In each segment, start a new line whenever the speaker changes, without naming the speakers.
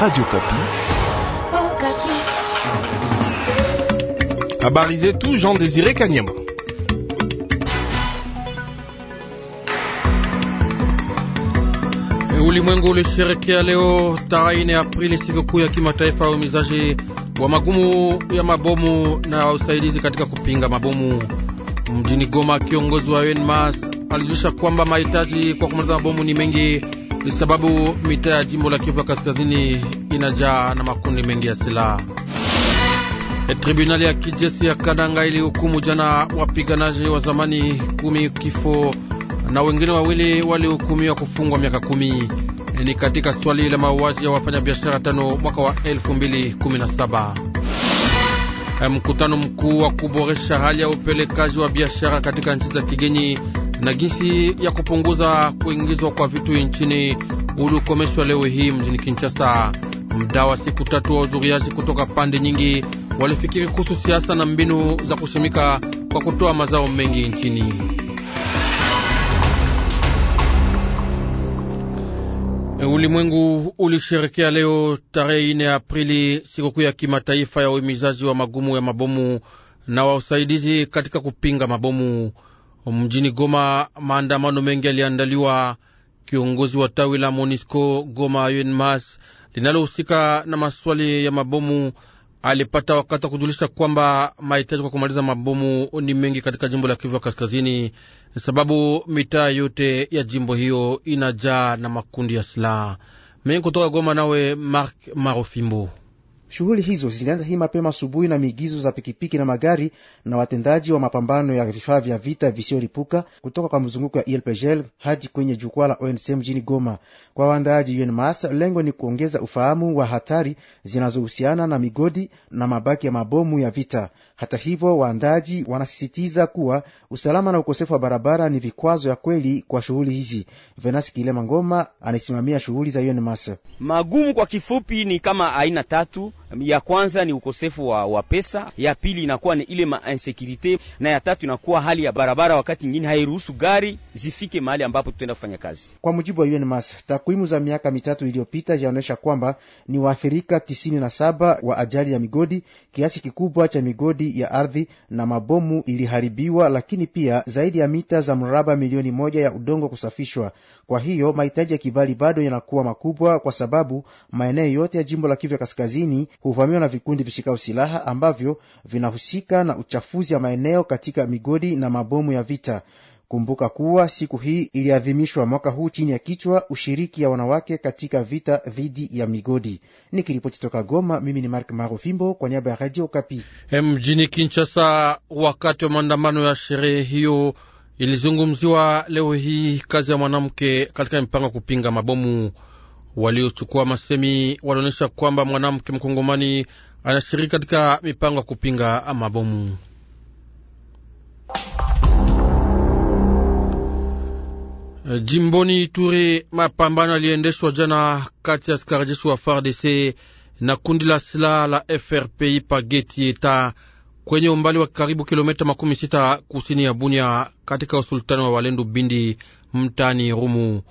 Radio Kapi.
Oh, Kapi.
Habari zetu Jean Désiré Kanyama. E, ulimwengu ulisherekea leo tarehe 4 Aprili sikukuu ya kimataifa ya umizaji wa magumu ya mabomu na usaidizi katika kupinga mabomu. Mjini Goma, kiongozi wa UNMAS alijulisha kwamba mahitaji kwa kumaliza mabomu ni mengi ni sababu mitaa ya jimbo la Kivu ya kaskazini inajaa na makundi mengi ya silaha. E, tribunali ya kijeshi ya Kananga ilihukumu jana wapiganaji wa zamani kumi kifo na wengine wawili walihukumiwa kufungwa miaka kumi. E, ni katika swali la mauaji ya wafanyabiashara tano mwaka wa 2017. E, mkutano mkuu wa kuboresha hali ya upelekaji wa biashara katika nchi za kigeni na gisi ya kupunguza kuingizwa kwa vitu nchini uliokomeshwa leo hii mjini Kinshasa. Mda wa siku tatu wa uzuriaji kutoka pande nyingi walifikiri kuhusu siasa na mbinu za kushimika kwa kutoa mazao mengi nchini. Ulimwengu ulisherekea leo tarehe 4 Aprili sikukuu ya kimataifa ya uhimizaji wa magumu ya mabomu na wa usaidizi katika kupinga mabomu. Mjini Goma maandamano mengi yaliandaliwa. Kiongozi wa tawi la Monisco Goma UNMAS linalohusika na maswali ya mabomu alipata wakati wa kujulisha kwamba mahitaji kwa kumaliza mabomu ni mengi katika jimbo la Kivu Kaskazini, sababu mitaa yote ya jimbo hiyo inajaa na makundi ya silaha mengi kutoka Goma. Nawe Mark Marofimbo.
Shughuli hizo zilianza hii mapema asubuhi na miigizo za pikipiki na magari na watendaji wa mapambano ya vifaa vya vita visiyolipuka kutoka kwa mzunguko ya ILPGL hadi kwenye jukwaa la ONC mjini Goma. Kwa waandaaji UNMAS, lengo ni kuongeza ufahamu wa hatari zinazohusiana na migodi na mabaki ya mabomu ya vita. Hata hivyo, waandaji wanasisitiza kuwa usalama na ukosefu wa barabara ni vikwazo ya kweli kwa shughuli hizi. Venas Kilema Ngoma anaisimamia shughuli za UNMAS.
Magumu kwa kifupi ni kama aina tatu, ya kwanza ni ukosefu wa, wa pesa, ya pili inakuwa ni ile mainsekurite, na ya tatu inakuwa hali ya barabara wakati nyingine hairuhusu gari zifike mahali ambapo tutaenda kufanya kazi.
Kwa mujibu wa UNMAS, takwimu za miaka mitatu iliyopita zinaonyesha kwamba ni waathirika tisini na saba wa ajali ya migodi, kiasi kikubwa cha migodi ya ardhi na mabomu iliharibiwa, lakini pia zaidi ya mita za mraba milioni moja ya udongo kusafishwa. Kwa hiyo mahitaji ya kibali bado yanakuwa makubwa, kwa sababu maeneo yote ya jimbo la Kivu ya Kaskazini huvamiwa na vikundi vishikao silaha ambavyo vinahusika na uchafuzi wa maeneo katika migodi na mabomu ya vita. Kumbuka kuwa siku hii iliadhimishwa mwaka huu chini ya kichwa ushiriki ya wanawake katika vita dhidi ya migodi. Nikiripoti toka Goma, mimi ni Mark Marofimbo kwa niaba ya Radio Kapi.
E, mjini Kinshasa, wakati wa maandamano ya sherehe hiyo ilizungumziwa leo hii kazi ya mwanamke katika mipango ya kupinga mabomu. Waliochukua masemi walionyesha kwamba mwanamke mkongomani anashiriki katika mipango ya kupinga mabomu. Eh, jimboni Ituri, mapambano yaliendeshwa jana kati ya askari jeshi wa FARDC na kundi la silaha la FRPI pageti eta kwenye umbali wa karibu kilomita makumi sita kusini ya Bunia katika usultani wa Walendu Bindi mtani Rumu.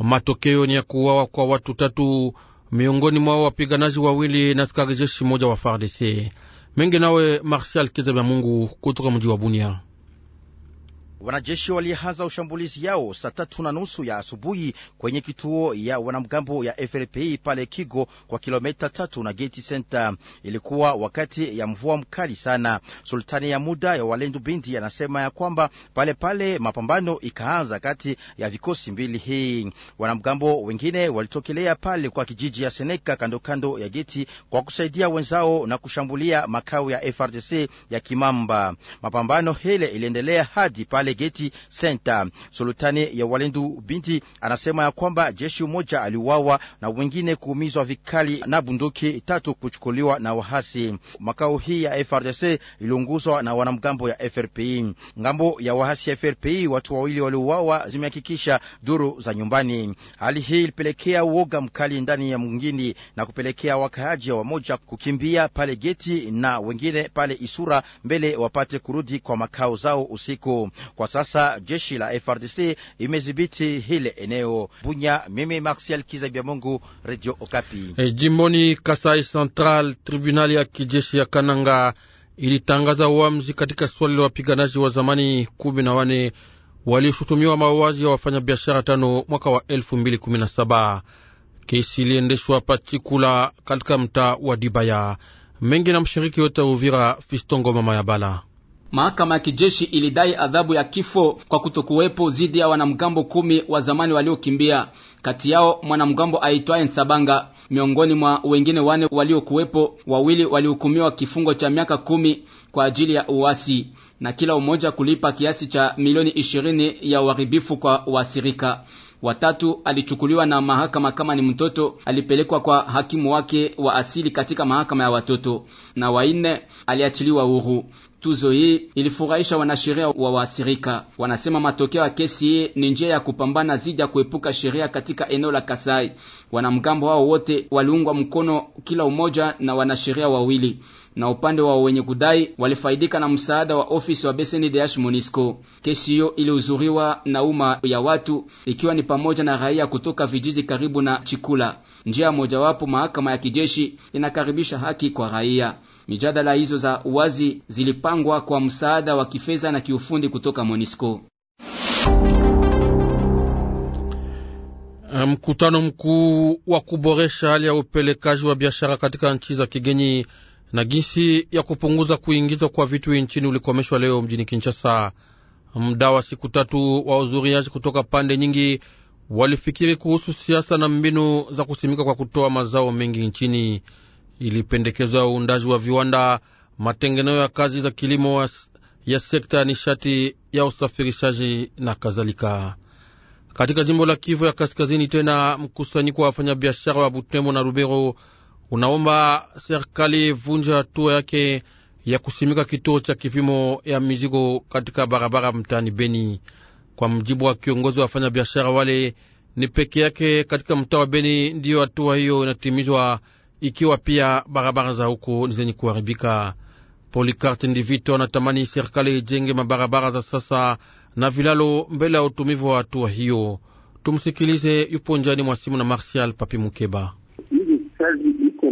Matokeo ni ya kuuawa kwa watu tatu, miongoni mwao wapiganaji wawili na askari jeshi moja wa FARDC. Mengi nawe Marshal Kizabya Mungu kutoka mji wa Bunia.
Wanajeshi walianza ushambulizi yao saa tatu na nusu ya asubuhi kwenye kituo ya wanamgambo ya FRPI pale Kigo kwa kilomita tatu na geti center. Ilikuwa wakati ya mvua mkali sana. Sultani ya muda ya Walendu Bindi anasema ya kwamba pale pale mapambano ikaanza kati ya vikosi mbili hii. Wanamgambo wengine walitokelea pale kwa kijiji ya Seneka kando kando ya geti kwa kusaidia wenzao na kushambulia makao ya FRDC ya Kimamba. Mapambano hile iliendelea hadi pale Serengeti Senta. Sultani ya Walendu binti anasema ya kwamba jeshi moja aliuawa na wengine kuumizwa vikali na bunduki tatu kuchukuliwa na wahasi. Makao hii ya FRDC iliunguzwa na wanamgambo ya FRPI. Ngambo ya wahasi ya FRPI watu wawili waliuawa, zimehakikisha duru za nyumbani. Hali hii ilipelekea uoga mkali ndani ya mwingini na kupelekea wakaaji wamoja kukimbia pale geti na wengine pale Isura mbele wapate kurudi kwa makao zao usiku. Kwa sasa jeshi la FRDC imedhibiti hile eneo. Bunya, mimi Marsial kizabia Mungu, Radio Okapi.
E, jimboni Kasai Central, tribunali ya kijeshi ya Kananga ilitangaza uamuzi katika swali la wapiganaji wa zamani kumi na wane walioshutumiwa mauaji ya wafanyabiashara tano mwaka wa elfu mbili kumi na saba. Kesi iliendeshwa Pachikula katika mtaa wa Dibaya mengi na mshiriki wa Uvira Fistongo mama ya Bala.
Mahakama ya kijeshi ilidai adhabu ya kifo kwa kutokuwepo dhidi ya wanamgambo kumi wa zamani waliokimbia, kati yao mwanamgambo aitwaye Nsabanga. Miongoni mwa wengine wane waliokuwepo, wawili walihukumiwa kifungo cha miaka kumi kwa ajili ya uasi na kila umoja kulipa kiasi cha milioni ishirini ya uharibifu kwa wasirika. Watatu alichukuliwa na mahakama kama ni mtoto, alipelekwa kwa hakimu wake wa asili katika mahakama ya watoto, na wanne aliachiliwa huru. Tuzo hii ilifurahisha wanasheria wa waasirika Wanasema matokeo ya kesi hii ni njia ya kupambana zija ya kuepuka sheria katika eneo la Kasai. Wanamgambo hao wote waliungwa mkono kila umoja na wanasheria wawili, na upande wa wenye kudai walifaidika na msaada wa ofisi wa BCNDH Monisco. Kesi hiyo ilihudhuriwa na umma ya watu, ikiwa ni pamoja na raia kutoka vijiji karibu na Chikula. Njia mojawapo mahakama ya kijeshi inakaribisha haki kwa raia. Mijadala hizo za uwazi zilipangwa kwa msaada wa kifedha na kiufundi kutoka MONUSCO.
Eh, mkutano mkuu wa kuboresha hali ya upelekaji wa biashara katika nchi za kigeni na jinsi ya kupunguza kuingizwa kwa vitu nchini ulikomeshwa leo mjini Kinshasa. Muda wa siku tatu wa uzuriaji kutoka pande nyingi walifikiri kuhusu siasa na mbinu za kusimika kwa kutoa mazao mengi nchini ilipendekezwa uundaji wa viwanda, matengenezo ya kazi za kilimo, ya sekta ya nishati, ya usafirishaji na kadhalika. Katika jimbo la Kivu ya Kaskazini, tena mkusanyiko wa wafanyabiashara wa Butembo na Rubero unaomba serikali vunja hatua yake ya kusimika kituo cha kipimo ya mizigo katika barabara mtaani Beni. Kwa mjibu wa kiongozi wa wafanyabiashara wale, ni peke yake katika mtaa wa Beni ndiyo hatua hiyo inatimizwa ikiwa pia barabara za huko ni zenye kuharibika. Polikarte Ndivito anatamani serikali ijenge mabarabara za sasa na vilalo mbele ya utumivu wa hatua hiyo. Tumsikilize, yupo njani mwa simu na Marsial Papi Mukeba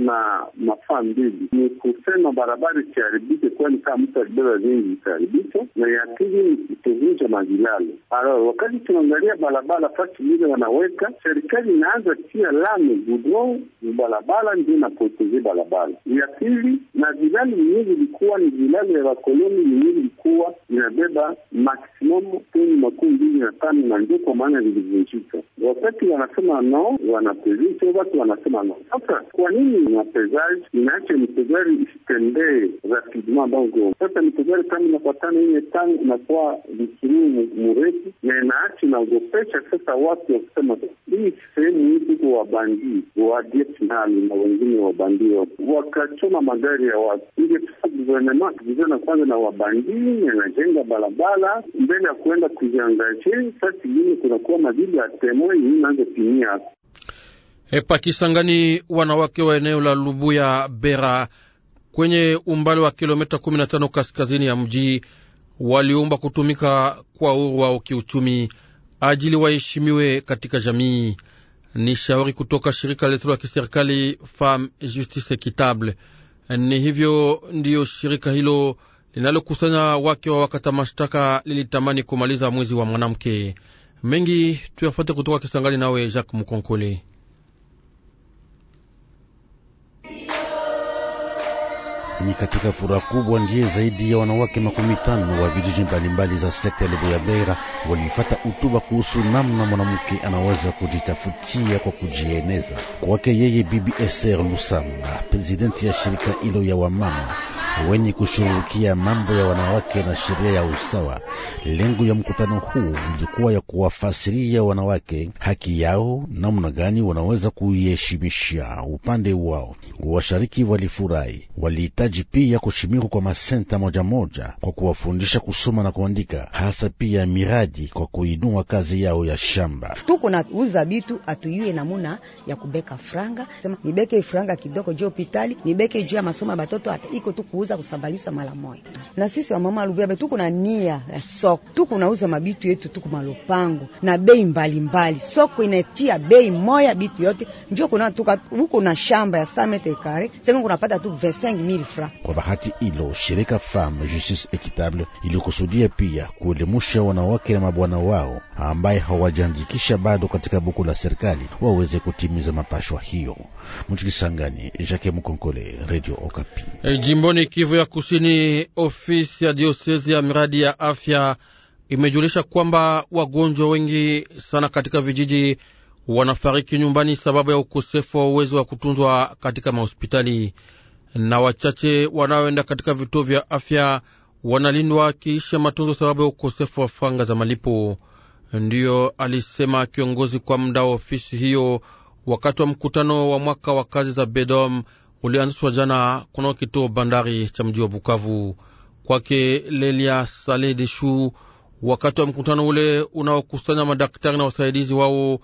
na mafaa mbili, ni kusema barabara isiharibike, kwani kama mtu alibeba vingi itaharibika, na ya pili ni kutuvunja majilalo. Wakati tunaangalia barabara fasi vile wanaweka serikali inaanza tia lami gudro barabara, ndio inaprotege barabara. Ya pili na vilali yenyewe vilikuwa ni vilali ya wakoloni yenyewe vilikuwa inabeba maksimum toni makumi mbili na tano na ndio kwa maana vilivunjika. Wakati wanasema no, wanapezisha watu wanasema no. Sasa kwa nini na pesage inaacha ni isitembee rapidement. Dongo sasa ni kama inapatana ile tangu inakuwa visuruu murefu na inaache inaogopesha sasa watu wakusema hii sehemu hii tuko wabandii wavietnami na wengine wabandii wakachoma magari ya watu. Ingefaa guvernema kuvizana kwanza na wabandii, anajenga barabara mbele ya kuenda kujiangaje. Sasa ingine kunakuwa madili ya temwe inaanza timia
Epa Kisangani, wanawake wa eneo la Lubuya Bera kwenye umbali wa kilomita 15 kaskazini ya mji waliomba kutumika kwa uhuru wao kiuchumi ajili waheshimiwe katika jamii. Ni shauri kutoka shirika letu la kiserikali Femme Justice Equitable. Ni hivyo ndiyo shirika hilo linalokusanya wake wa wakata mashtaka lilitamani kumaliza mwezi wa mwanamke. Mengi tuyafate kutoka Kisangani, nawe Jacques Mukonkole.
ni katika furaha kubwa ndiye zaidi ya wanawake makumi tano wa vijiji mbalimbali za sekta ya Bera walifata utuba kuhusu namna mwanamke anaweza kujitafutia kwa kujieneza. Kwake yeye Bibi Esther Lusanga, presidenti ya shirika hilo ya wamama wenye kushughulikia mambo ya wanawake na sheria ya usawa, lengo ya mkutano huu ilikuwa ya kuwafasiria wanawake haki yao, namna gani wanaweza kuiheshimisha upande wao. Washariki walifurahi, walihitaji wanahitaji pia kushimikwa kwa masenta moja moja kwa kuwafundisha kusoma na kuandika, hasa pia miradi kwa kuinua
kazi yao ya shamba. Tuko na uza bitu atuyue namuna ya kubeka franga, sema nibeke franga kidogo juu hospitali, nibeke juu ya masomo ya batoto, hata iko tu kuuza kusambalisa mara moja. Na sisi wa mama Lubiabe tuko na nia ya soko, tuko na uza mabitu yetu, tuko malopango na bei mbalimbali. Soko inatia bei moya bitu yote, njoo kuna tuka huko na shamba ya 100 metre kare, sema kunapata tu 25000
kwa bahati hilo shirika Femme Justice Equitable ilikusudia pia kuelimusha wanawake na mabwana wao ambaye hawajaandikisha bado katika buku la serikali waweze kutimiza mapashwa hiyo. Mchikisangani, Jacques Mukonkole, Radio Okapi.
Hey, jimboni Kivu ya Kusini, ofisi ya diosezi ya miradi ya afya imejulisha kwamba wagonjwa wengi sana katika vijiji wanafariki nyumbani sababu ya ukosefu wa uwezo wa kutunzwa katika mahospitali na wachache wanaoenda katika vituo vya afya wanalindwa kiisha matunzo sababu ya ukosefu wa franga za malipo. Ndiyo alisema kiongozi kwa muda wa ofisi hiyo wakati wa mkutano wa mwaka wa kazi za Bedom ulioanzishwa jana kunao kituo bandari cha mji wa Bukavu. Kwake Lelia Saledishu, wakati wa mkutano ule unaokusanya madaktari na wasaidizi wao,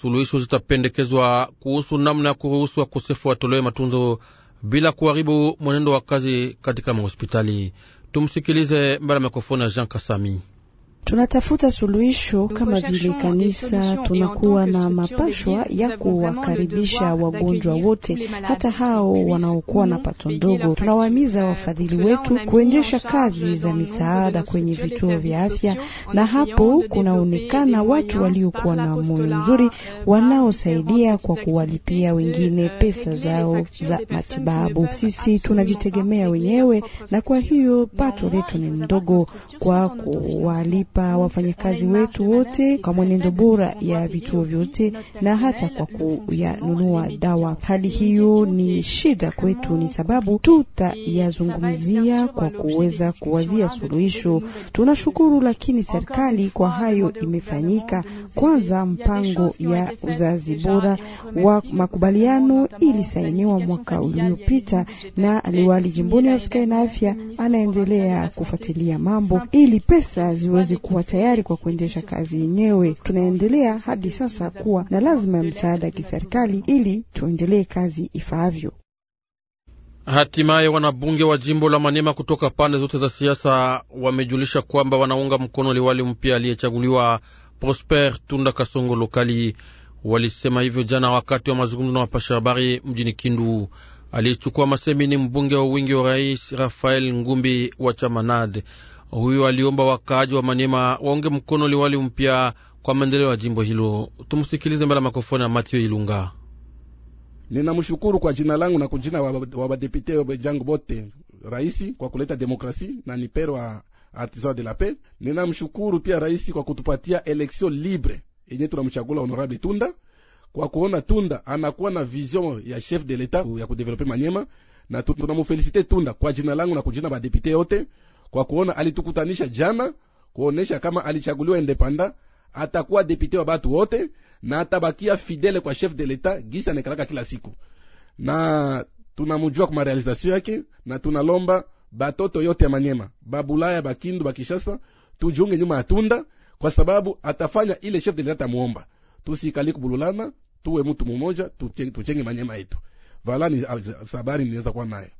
suluhisho zitapendekezwa kuhusu namna ya kuruhusu wakosefu watolewe matunzo bila kuharibu mwenendo wa kazi katika mahospitali. Tumsikilize mbele ya mikrofoni ya Jean Kasami.
Tunatafuta suluhisho kama vile kanisa, tunakuwa na mapashwa ya kuwakaribisha wagonjwa wote, hata hao wanaokuwa na pato ndogo. Tunawahimiza wafadhili wetu kuendesha kazi za misaada kwenye vituo vya afya, na hapo kunaonekana watu waliokuwa na moyo mzuri euh, wanaosaidia kwa kuwalipia wengine euh, pesa zao za matibabu. Sisi tunajitegemea wenyewe, na kwa hiyo pato letu ni ndogo kwa kuwalipa kuwalipa wafanyakazi wetu wote kwa mwenendo bora ya vituo vyote na hata kwa kuyanunua dawa. Hali hiyo ni shida kwetu, ni sababu tutayazungumzia kwa kuweza kuwazia suluhisho. Tunashukuru, lakini serikali kwa hayo imefanyika. Kwanza, mpango ya uzazi bora wa makubaliano ilisainiwa mwaka uliopita na liwali jimboni Afrika na afya anaendelea kufuatilia mambo ili pesa ziweze kuwa tayari kwa kuendesha kazi yenyewe. Tunaendelea hadi sasa kuwa na lazima ya msaada ya kiserikali ili tuendelee kazi ifaavyo.
Hatimaye, wanabunge wa jimbo la manema kutoka pande zote za siasa wamejulisha kwamba wanaunga mkono liwali mpya aliyechaguliwa Prosper Tunda Kasongo Lokali. Walisema hivyo jana wakati wa mazungumzo na wapasha habari mjini Kindu. aliyechukua masemi ni mbunge wa wingi wa rais Rafael Ngumbi wa chama NAD. Huyo aliomba wakaaji wa Manema waunge mkono liwali mpya kwa maendeleo ya jimbo hilo. Tumsikilize mbele ya makofoni ya Mathieu Ilunga. Ninamshukuru kwa jina langu na kwa jina wa badepute jangu bote raisi kwa kuleta demokrasi na nipero wa artisan de la paix. Ninamshukuru pia raisi kwa kutupatia eleksio libre yenye tunamchagula honorable Tunda kwa kuona Tunda anakuwa na vision ya chef de l'etat ya kudevelope Manyema, na tunamufelisite Tunda kwa jina langu na kwa jina badepute yote kwa kuona alitukutanisha jana kuonesha kama alichaguliwa indepanda atakuwa depute wa batu wote na atabakia fidele kwa chef de l'etat gisa nekalaka kila siku, na tunamujua kwa marealizasio yake, na tunalomba batoto yote ya Manyema, Babulaya, Bakindu, Bakishasa tujunge nyuma ya Tunda kwa sababu atafanya ile chef de l'etat muomba Tusikali kubululana, tuwe mtu mmoja, tuchenge Manyema yetu. valani sabari ah, habari ninaweza kuwa nayo.